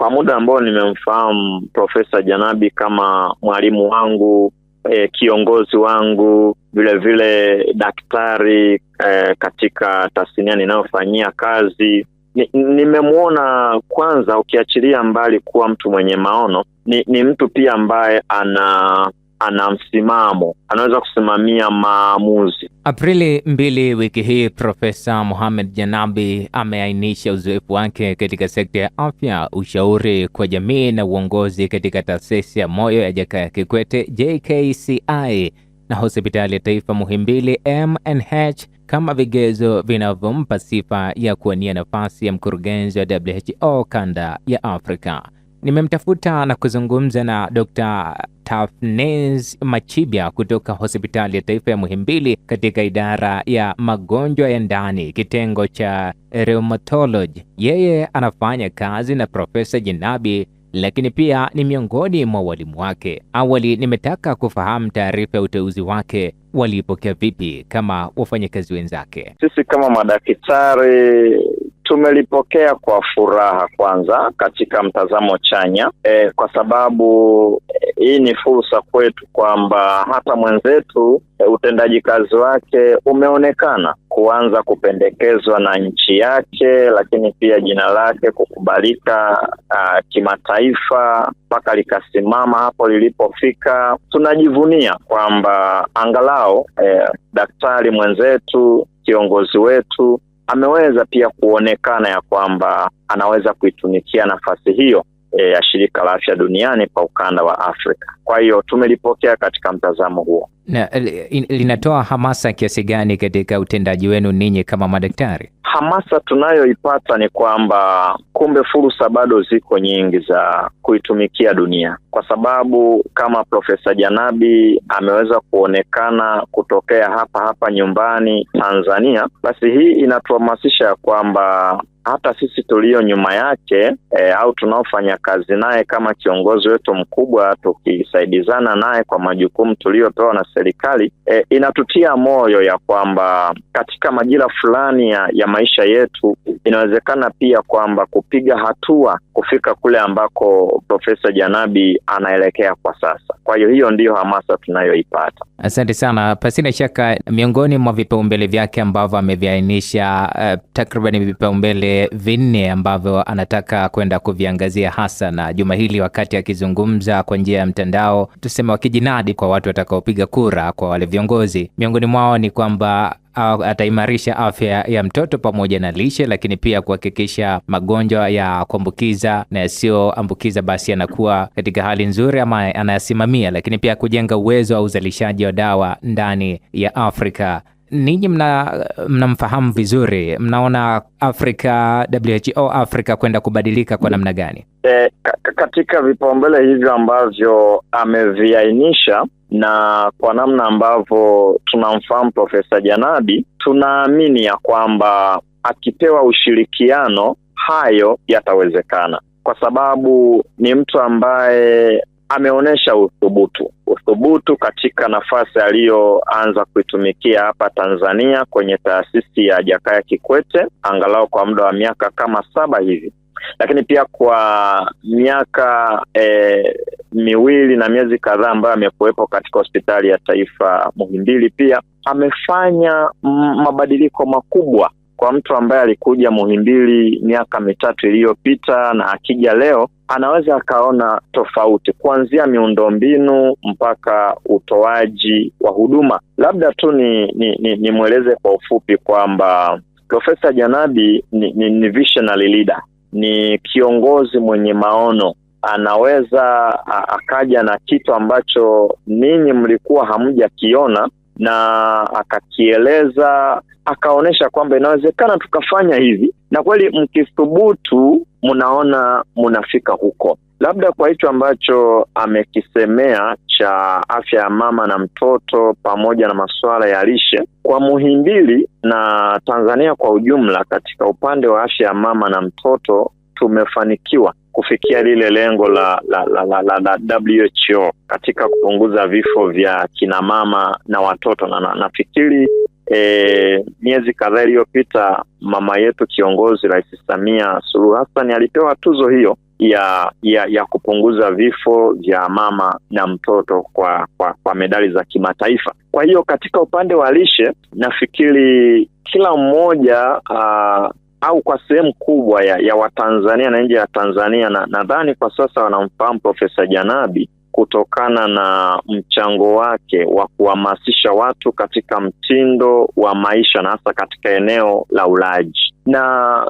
Kwa muda ambao nimemfahamu Profesa Janabi kama mwalimu wangu e, kiongozi wangu vile vile daktari e, katika tasnia ninayofanyia kazi nimemwona ni kwanza, ukiachilia mbali kuwa mtu mwenye maono, ni, ni mtu pia ambaye ana ana msimamo, anaweza kusimamia maamuzi. Aprili mbili wiki hii, Profesa Mohamed Janabi ameainisha uzoefu wake katika sekta ya afya, ushauri kwa jamii na uongozi katika taasisi ya moyo ya Jakaya Kikwete JKCI na hospitali ya taifa Muhimbili MNH kama vigezo vinavyompa sifa ya kuwania nafasi ya mkurugenzi wa WHO kanda ya Afrika. Nimemtafuta na kuzungumza na Dr. Tafnes machibia kutoka hospitali ya taifa ya Muhimbili katika idara ya magonjwa ya ndani kitengo cha rheumatology. Yeye anafanya kazi na Profesa Jinabi lakini pia ni miongoni mwa walimu wake. Awali nimetaka kufahamu taarifa ya uteuzi wake waliipokea vipi kama wafanyakazi wenzake? Sisi kama madaktari tumelipokea kwa furaha kwanza, katika mtazamo chanya e, kwa sababu e, hii ni fursa kwetu kwamba hata mwenzetu e, utendaji kazi wake umeonekana kuanza kupendekezwa na nchi yake, lakini pia jina lake kukubalika kimataifa mpaka likasimama hapo lilipofika. Tunajivunia kwamba angalau e, daktari mwenzetu, kiongozi wetu ameweza pia kuonekana ya kwamba anaweza kuitumikia nafasi hiyo eh, ya shirika la afya duniani kwa ukanda wa Afrika. Kwa hiyo tumelipokea katika mtazamo huo. Na eh, linatoa hamasa kiasi gani katika utendaji wenu ninyi kama madaktari? Hamasa tunayoipata ni kwamba kumbe fursa bado ziko nyingi za kuitumikia dunia, kwa sababu kama Profesa Janabi ameweza kuonekana kutokea hapa hapa nyumbani Tanzania, basi hii inatuhamasisha ya kwamba hata sisi tulio nyuma yake e, au tunaofanya kazi naye kama kiongozi wetu mkubwa, tukisaidizana naye kwa majukumu tuliyopewa na serikali e, inatutia moyo ya kwamba katika majira fulani ya, ya maisha yetu inawezekana pia kwamba kupiga hatua kufika kule ambako Profesa Janabi anaelekea kwa sasa. Kwa hiyo hiyo ndiyo hamasa tunayoipata. Asante sana. Pasina shaka miongoni mwa vipaumbele vyake ambavyo ameviainisha uh, takriban vipaumbele vinne ambavyo anataka kwenda kuviangazia hasa na juma hili wakati akizungumza kwa njia ya mtandao, tuseme wakijinadi kwa watu watakaopiga kura kura kwa wale viongozi. Miongoni mwao ni kwamba ataimarisha afya ya mtoto pamoja na lishe, lakini pia kuhakikisha magonjwa ya kuambukiza na yasiyoambukiza basi yanakuwa katika hali nzuri ama anayasimamia, lakini pia kujenga uwezo wa uzalishaji wa dawa ndani ya Afrika ninyi mnamfahamu vizuri, mnaona Afrika WHO Afrika kwenda kubadilika kwa namna gani? E, katika vipaumbele hivyo ambavyo ameviainisha na kwa namna ambavyo tunamfahamu Profesa Janabi, tunaamini ya kwamba akipewa ushirikiano hayo yatawezekana, kwa sababu ni mtu ambaye ameonyesha uthubutu, uthubutu katika nafasi aliyoanza kuitumikia hapa Tanzania kwenye taasisi ya Jakaya Kikwete, angalau kwa muda wa miaka kama saba hivi, lakini pia kwa miaka e, miwili na miezi kadhaa ambayo amekuwepo katika hospitali ya taifa Muhimbili, pia amefanya mabadiliko makubwa kwa mtu ambaye alikuja Muhimbili miaka mitatu iliyopita na akija leo anaweza akaona tofauti kuanzia miundombinu mpaka utoaji wa huduma. Labda tu ni nimweleze ni, ni kwa ufupi kwamba Profesa Janabi ni, ni, ni visionary leader, ni kiongozi mwenye maono anaweza akaja na kitu ambacho ninyi mlikuwa hamjakiona, na akakieleza, akaonyesha kwamba inawezekana tukafanya hivi, na kweli mkithubutu, mnaona mnafika huko. Labda kwa hicho ambacho amekisemea cha afya ya mama na mtoto pamoja na masuala ya lishe kwa Muhimbili na Tanzania kwa ujumla, katika upande wa afya ya mama na mtoto tumefanikiwa kufikia lile lengo la la, la, la, la, la WHO katika kupunguza vifo vya kina mama na watoto, na nafikiri e, miezi kadhaa iliyopita mama yetu kiongozi Rais Samia Suluhu Hassan alipewa tuzo hiyo ya ya ya kupunguza vifo vya mama na mtoto kwa kwa, kwa medali za kimataifa. Kwa hiyo katika upande wa lishe nafikiri kila mmoja uh, au kwa sehemu kubwa ya, ya Watanzania na nje ya Tanzania, na nadhani kwa sasa wanamfahamu Profesa Janabi kutokana na mchango wake wa kuhamasisha watu katika mtindo wa maisha na hasa katika eneo la ulaji na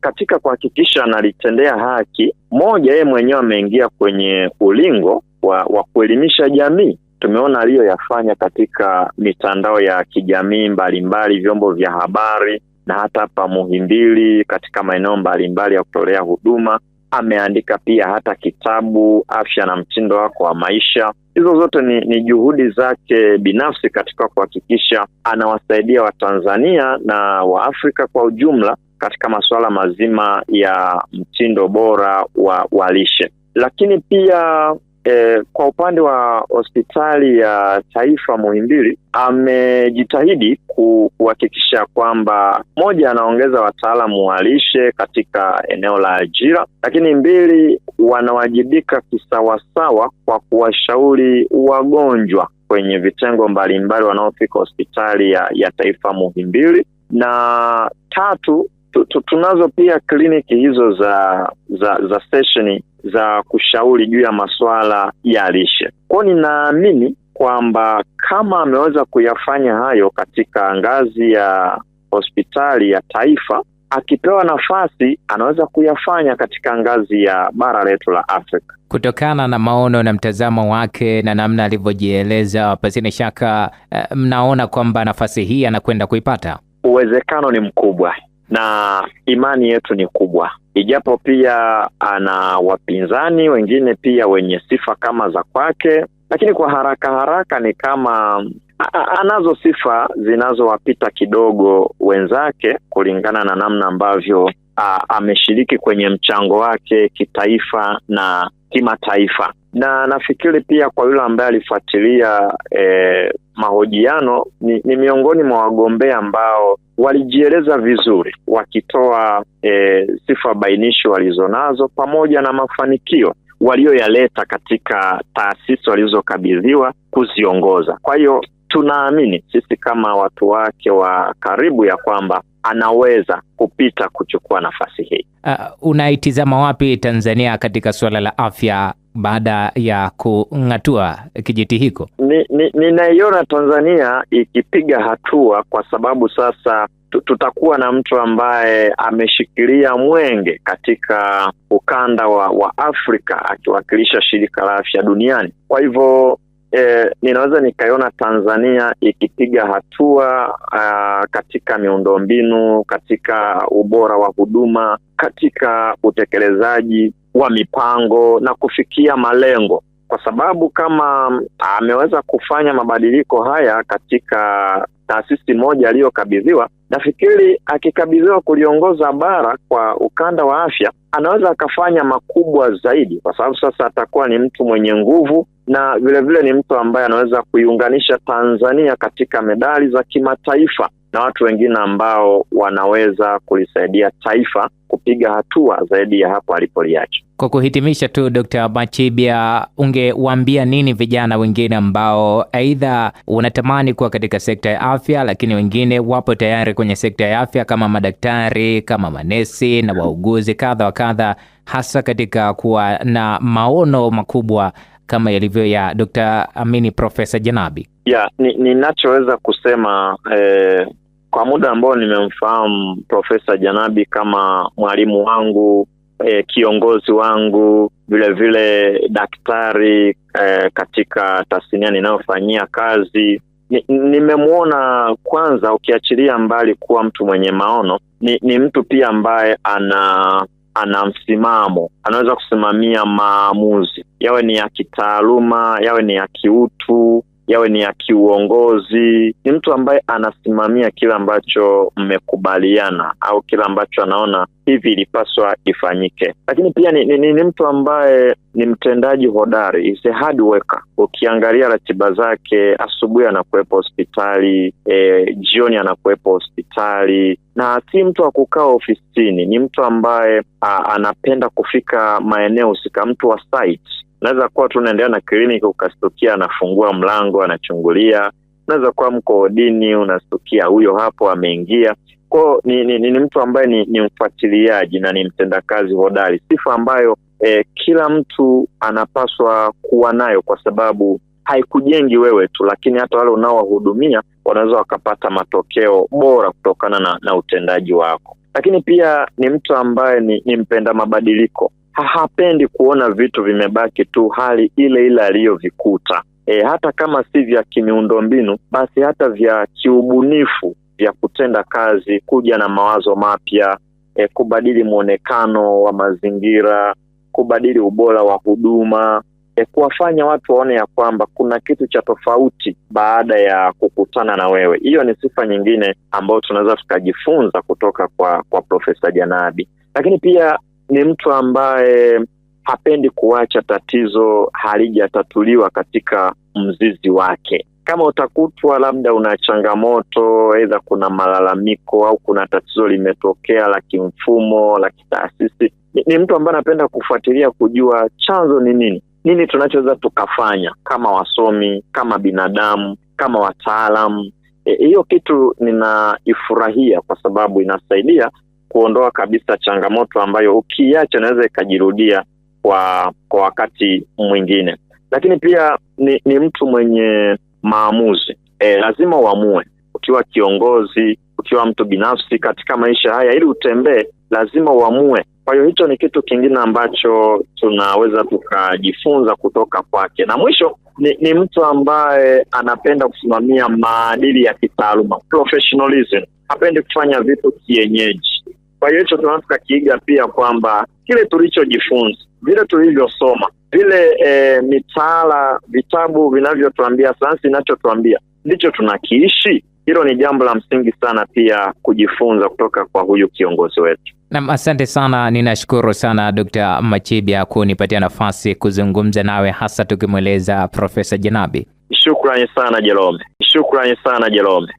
katika kuhakikisha analitendea haki. Moja, yeye mwenyewe ameingia kwenye ulingo wa, wa kuelimisha jamii. Tumeona aliyoyafanya katika mitandao ya kijamii mbalimbali, vyombo vya habari na hata pa Muhimbili katika maeneo mbalimbali ya kutolea huduma. Ameandika pia hata kitabu Afya na Mtindo Wako wa Maisha. Hizo zote ni, ni juhudi zake binafsi katika kuhakikisha anawasaidia Watanzania na Waafrika kwa ujumla katika masuala mazima ya mtindo bora wa, wa lishe lakini pia E, kwa upande wa hospitali ya taifa Muhimbili amejitahidi kuhakikisha kwamba moja, anaongeza wataalamu wa lishe katika eneo la ajira, lakini mbili, wanawajibika kisawasawa kwa kuwashauri wagonjwa kwenye vitengo mbalimbali wanaofika hospitali ya, ya taifa Muhimbili, na tatu, tunazo pia kliniki hizo za za, za sesheni za kushauri juu ya masuala ya lishe. Kwao ninaamini kwamba kama ameweza kuyafanya hayo katika ngazi ya hospitali ya taifa, akipewa nafasi anaweza kuyafanya katika ngazi ya bara letu la Afrika. Kutokana na maono na mtazamo wake na namna alivyojieleza, pasini shaka eh, mnaona kwamba nafasi hii anakwenda kuipata. Uwezekano ni mkubwa na imani yetu ni kubwa ijapo pia ana wapinzani wengine pia wenye sifa kama za kwake, lakini kwa haraka haraka ni kama anazo sifa zinazowapita kidogo wenzake kulingana na namna ambavyo ameshiriki kwenye mchango wake kitaifa na kimataifa na nafikiri pia kwa yule ambaye alifuatilia eh, mahojiano ni, ni miongoni mwa wagombea ambao walijieleza vizuri wakitoa eh, sifa bainishi walizonazo pamoja na mafanikio walioyaleta katika taasisi walizokabidhiwa kuziongoza. Kwa hiyo tunaamini sisi kama watu wake wa karibu ya kwamba anaweza kupita kuchukua nafasi hii. Uh, unaitizama wapi Tanzania katika suala la afya baada ya kung'atua kijiti hiko? Ninaiona ni, ni Tanzania ikipiga hatua kwa sababu sasa tutakuwa na mtu ambaye ameshikilia mwenge katika ukanda wa, wa Afrika akiwakilisha shirika la afya duniani. Kwa hivyo e, ninaweza nikaiona Tanzania ikipiga hatua a, katika miundombinu, katika ubora wa huduma, katika utekelezaji wa mipango na kufikia malengo kwa sababu kama ah, ameweza kufanya mabadiliko haya katika taasisi moja aliyokabidhiwa, nafikiri akikabidhiwa kuliongoza bara kwa ukanda wa afya, anaweza akafanya makubwa zaidi, kwa sababu sasa atakuwa ni mtu mwenye nguvu na vilevile vile ni mtu ambaye anaweza kuiunganisha Tanzania katika medali za kimataifa na watu wengine ambao wanaweza kulisaidia taifa kupiga hatua zaidi ya hapo alipoliacha. Kwa kuhitimisha tu, Dr. Machibia, ungewaambia nini vijana wengine ambao aidha unatamani kuwa katika sekta ya afya, lakini wengine wapo tayari kwenye sekta ya afya kama madaktari, kama manesi na wauguzi kadha wa kadha, hasa katika kuwa na maono makubwa kama yalivyo ya Dr. Amini Profesa Janabi? Ya, ninachoweza ni kusema eh, kwa muda ambao nimemfahamu Profesa Janabi kama mwalimu wangu e, kiongozi wangu vile vile daktari e, katika tasnia ninayofanyia kazi nimemwona ni kwanza, ukiachilia mbali kuwa mtu mwenye maono, ni, ni mtu pia ambaye ana ana msimamo, anaweza kusimamia maamuzi yawe ni ya kitaaluma, yawe ni ya kiutu yawe ni ya kiuongozi, ni mtu ambaye anasimamia kile ambacho mmekubaliana au kile ambacho anaona hivi ilipaswa ifanyike. Lakini pia ni, ni, ni mtu ambaye ni mtendaji hodari, is a hard worker. Ukiangalia ratiba zake, asubuhi anakuwepo hospitali e, jioni anakuwepo hospitali, na si mtu wa kukaa ofisini. Ni mtu ambaye a, anapenda kufika maeneo husika, mtu wa site Naweza kuwa tu unaendelea na kliniki, ukastukia anafungua mlango anachungulia. Naweza kuwa mko odini, unastukia huyo hapo ameingia kwao. Ni, ni, ni mtu ambaye ni, ni mfuatiliaji na ni mtendakazi hodari, sifa ambayo eh, kila mtu anapaswa kuwa nayo kwa sababu haikujengi wewe tu, lakini hata wale unaowahudumia wanaweza wakapata matokeo bora kutokana na, na utendaji wako. Lakini pia ni mtu ambaye ni, ni mpenda mabadiliko hapendi kuona vitu vimebaki tu hali ile ile aliyovikuta. E, hata kama si vya kimiundo mbinu basi hata vya kiubunifu vya kutenda kazi, kuja na mawazo mapya e, kubadili mwonekano wa mazingira, kubadili ubora wa huduma e, kuwafanya watu waone ya kwamba kuna kitu cha tofauti baada ya kukutana na wewe. Hiyo ni sifa nyingine ambayo tunaweza tukajifunza kutoka kwa kwa Profesa Janabi, lakini pia ni mtu ambaye hapendi kuacha tatizo halijatatuliwa katika mzizi wake. Kama utakutwa labda una changamoto, aidha kuna malalamiko au kuna tatizo limetokea la kimfumo la kitaasisi, ni, ni mtu ambaye anapenda kufuatilia kujua chanzo ni nini, nini tunachoweza tukafanya kama wasomi, kama binadamu, kama wataalamu. E, hiyo e, kitu ninaifurahia kwa sababu inasaidia kuondoa kabisa changamoto ambayo ukiacha inaweza ikajirudia kwa kwa wakati mwingine. Lakini pia ni, ni mtu mwenye maamuzi e, lazima uamue ukiwa kiongozi, ukiwa mtu binafsi katika maisha haya, ili utembee lazima uamue. Kwa hiyo hicho ni kitu kingine ambacho tunaweza tukajifunza kutoka kwake. Na mwisho ni, ni mtu ambaye anapenda kusimamia maadili ya kitaaluma, professionalism. Hapendi kufanya vitu kienyeji. Kwa hiyo hicho tunaweza tukakiiga pia kwamba kile tulichojifunza, vile tulivyosoma, vile e, mitaala, vitabu vinavyotuambia, sayansi inachotuambia ndicho tunakiishi. Hilo ni jambo la msingi sana pia kujifunza kutoka kwa huyu kiongozi wetu. Nam, asante sana, ninashukuru sana Dr. Machibia kunipatia nafasi kuzungumza nawe, hasa tukimweleza Profesa Janabi. Shukrani sana Jerome, shukrani sana Jerome.